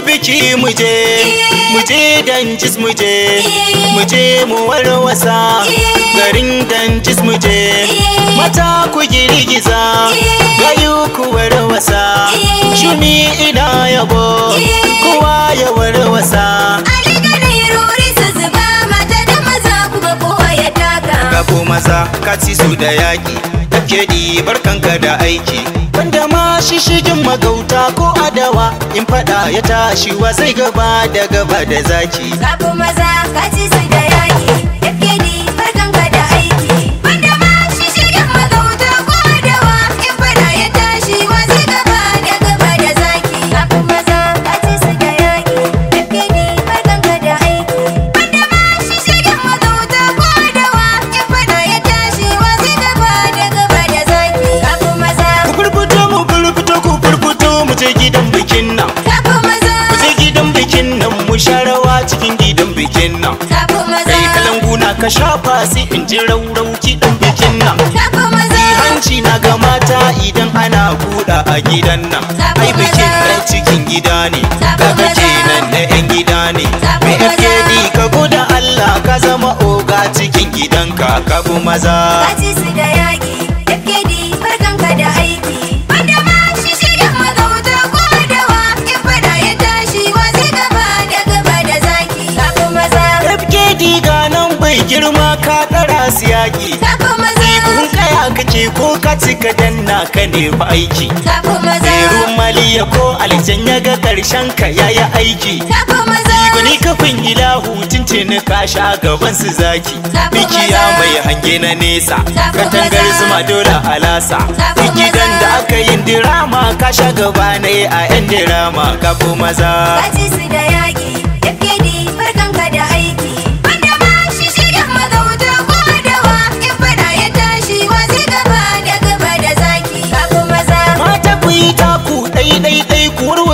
biki muje muje danjis muje muje mu warwasa garin danjis muje mata ku girgiza gayu ku warwasa shuni ina yabo kowa ya warwasa Gabo maza ka ci su da yaƙi, kake di barkanka da aiki. banda ma shigin magauta ko adawa in fada ya tashi wa zai gaba da gaba da zaki sabo maza kaci sai da yaki gidan bikin nan ku je gidan bikin nan mu sharawa cikin gidan bikin nan kai kalangu na ka shafa sai in ji raurau bikin nan hanci na ga mata idan ana buɗa a gidan nan ai bikin nan cikin gida ne ka kake nan na yan gida ne bfkd ka goda allah ka zama oga cikin gidanka ka bi maza mai girma ka ɗara su yaƙi buhun kaya kake ko ka cika danna ka ne fa aiki Zerun maliya ko aljan ya ga ƙarshen ka yayi aiki maza. Iguni kafin ilahu tuntuni ka sha gaban su zaki Mikiya mai hange na nesa katangar zuma dole alasa Duk gidan da aka yi dirama ka sha gaba ne a yan dirama ka maza Bati su da yaƙi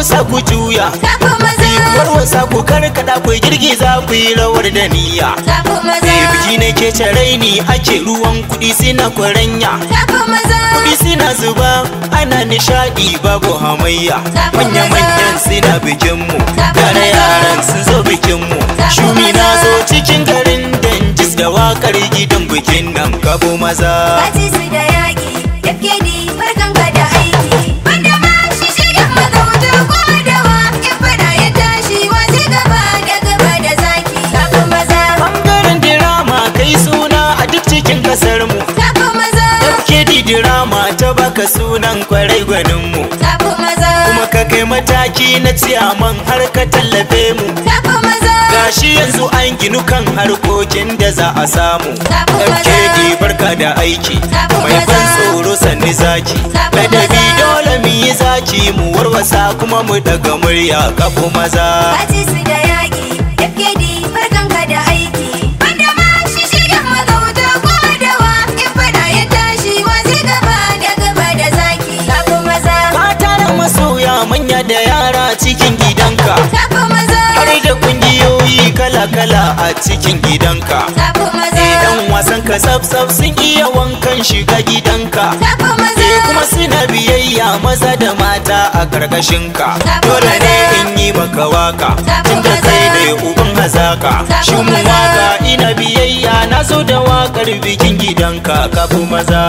wasa ku juya Ikuwar wasa ku karkada ku za ku yi rawar da niyya Biki na ke raini ake ruwan kuɗi suna kwaranya Kuɗi suna zuba ana nishaɗi babu hamayya Manya-manyan suna bikinmu Yara yaran sun zo bikinmu Shumi na zo cikin garin Danjis da wakar gidan bikin nan Kabo maza Kati su da yara sunan kwarai gwanin gwaninmu kuma ka kai mataki na ciyaman har ka tallafe mu maza gashi yanzu an ginu kan harkokin da za a samu fkd barka da aiki mai ban tsoro sanni zaki ladabi dole mu yi zaki mu warwasa kuma mu daga murya kafu maza manya da yara cikin gidanka har da kungiyoyi kala-kala a cikin gidanka idan wasan ka sab-sab sun iya wankan shiga gidanka eh, kuma suna biyayya maza da mata a karkashinka dole ne in yi maka waka tunda da kai ne uban hazaka shin waka ina biyayya na zo da wakar bikin gidanka kafin maza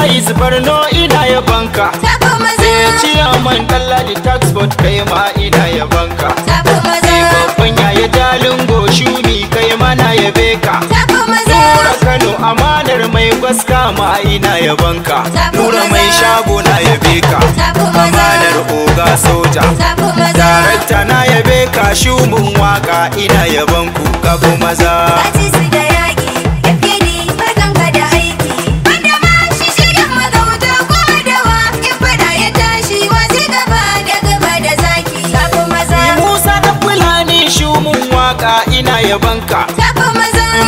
Rais Barno ina yabanka Sai eh, ciyaman Dalladi Tax Board kai ma ina yabanka Sai eh, babban yaya Jalingo Shuni kai ma na yabe Nura Kano amanar mai gwaska ma ina yabanka Nura mai shago na yabe ka Amanar oga soja Darakta na yabe ka shumun waka ina banku Kabo maza waka ina yabanka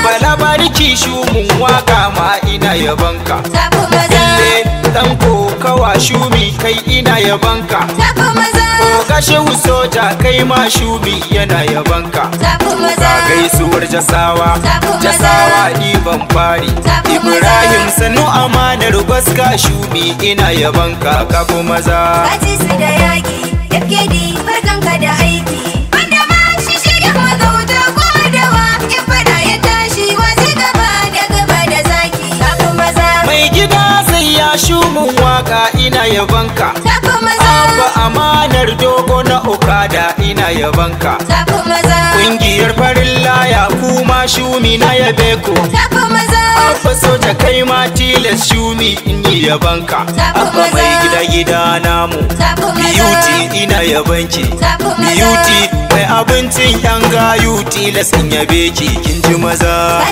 bala bariki mun waka ma ina yabanka ile dan kokawa shumi kai ina yabanka ko kashe soja kai ma shumi yana yabanka ka gaisuwar jasawa jasawa ni ban fari ibrahim sanu amanar baska shumi ina yabanka ka maza. maza. Baci su da yaki, yake di farkanka da aiki. shu waƙa waka ina yabanka ba amanar dogo na okada ina yabanka Kungiyar farin laya kuma shumi na yabe ku Abba soja kai ma tilas shumi in yi yabanka maza mai gida gida namu miyuti ina yabanki miyuti mai abincin yan gayu tilas in yabe ki kin ji maza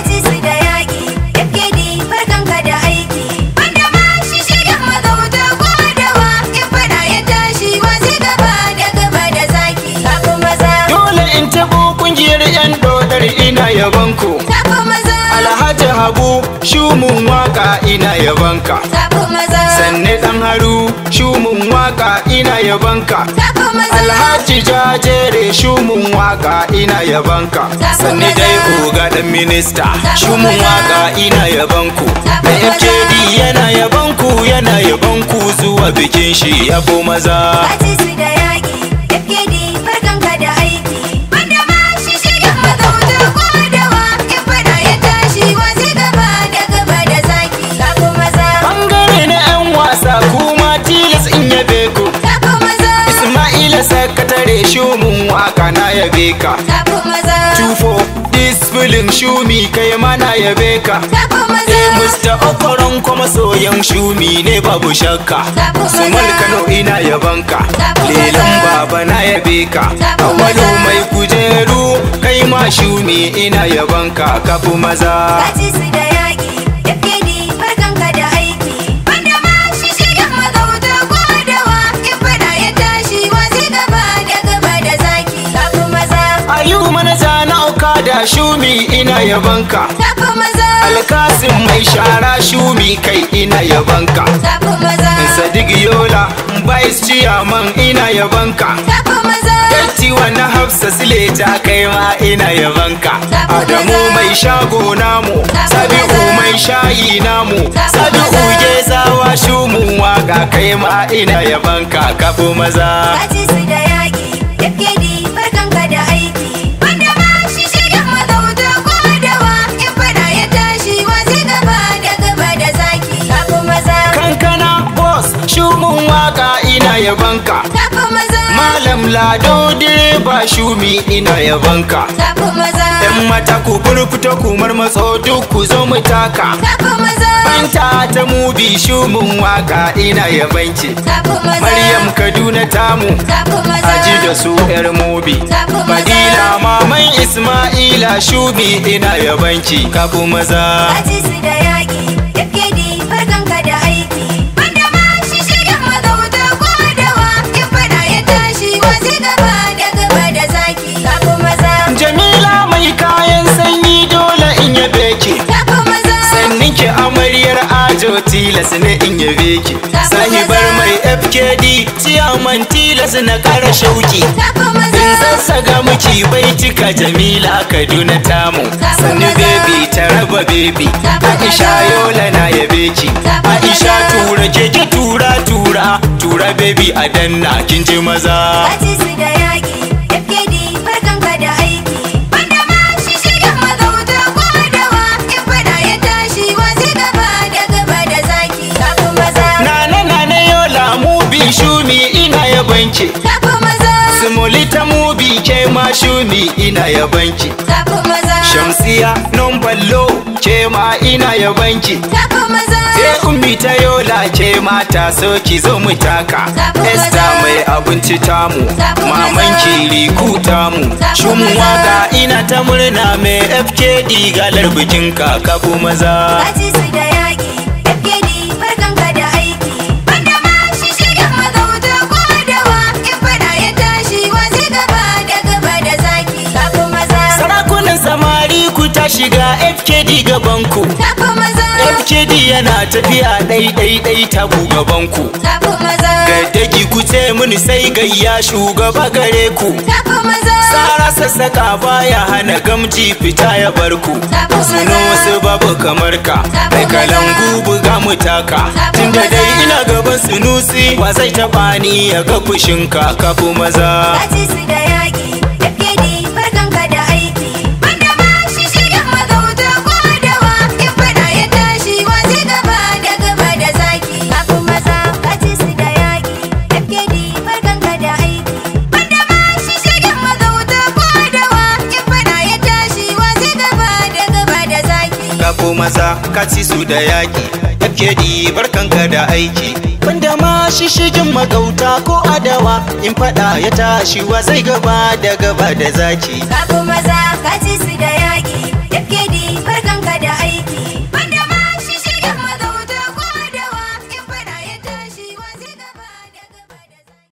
shumun waka ina yabanka sanne dan haru shumun waka ina yabanka alhaji jajere shumun waka ina yabanka sanne dai oga dan minista shumun waka ina yabanku da yana yabanku yana yabanku zuwa bikin shi yabo maza yabe ka tufo disfilin shumi kai mana yabe ka Mr. Okoron eh, kuma soyan shumi ne babu shakka Sumal Kano ina yabanka Lelan baba na yabe ka Awalu mai kujeru kai ma shumi ina ka kafu maza hashumi ina yabanka alkasim mai shara shumi kai ina yabanka sadiq yola vice chairman ina yabanka ciwon na hafsa sile ta kai ma ina yabanka adamu mai shago namu sabi'u mai shayi namu sabi'u gezawa shumu waka kai ma ina yabanka kafu maza su da shumin waka ina yabanka malam lado direba shumi ina yabanka yan mata ku furfuto ku marmatso duk ku zo mu taka banta ta mubi shumin waka ina yabanki maryam kaduna tamu aji da su yar mubi fadila maman isma'ila shumi ina yabanki kafu maza su ne in yabe ki sahibar mai fkd ciyaman tilas na kara shauki in sassaga miki baitika jamila kaduna tamu sani baby ta raba bebi aisha yola na yabe ki aisha tura keke tura tura tura baby a danna kin ji maza Mary shuni ina yabanki Tafi maza Simuli ta mubi ke ma shuni ina yabanki Tafi maza Shamsiya non ballo ke ma ina yabanki Tafi maza Sai ummi ta yola ke ma ta so ki zo mu taka Esther mai abinci tamu maman riku ku tamu Shun waka ina ta murna mai FKD galar bikin kaka maza ta shiga FKD gaban ku FKD yana tafiya ɗai ɗai ɗai ta gaban ku Gaddagi ku ce mini sai gayya shugaba gare ku Sara sassaka baya hana gamji fita ya bar ku Suno wasu babu kamar ka Mai gubu buga mutaka, tun da dai ina gaban sunusi ba zai taɓa ni ya ga fushinka ka maza maza ka ci su da yaƙi FKD barkanka da aiki Banda ma shishigin magauta ko adawa in fada ya tashi wa zai gaba da gaba da zaki Sabo maza ka ci su da yaƙi FKD barkanka da aiki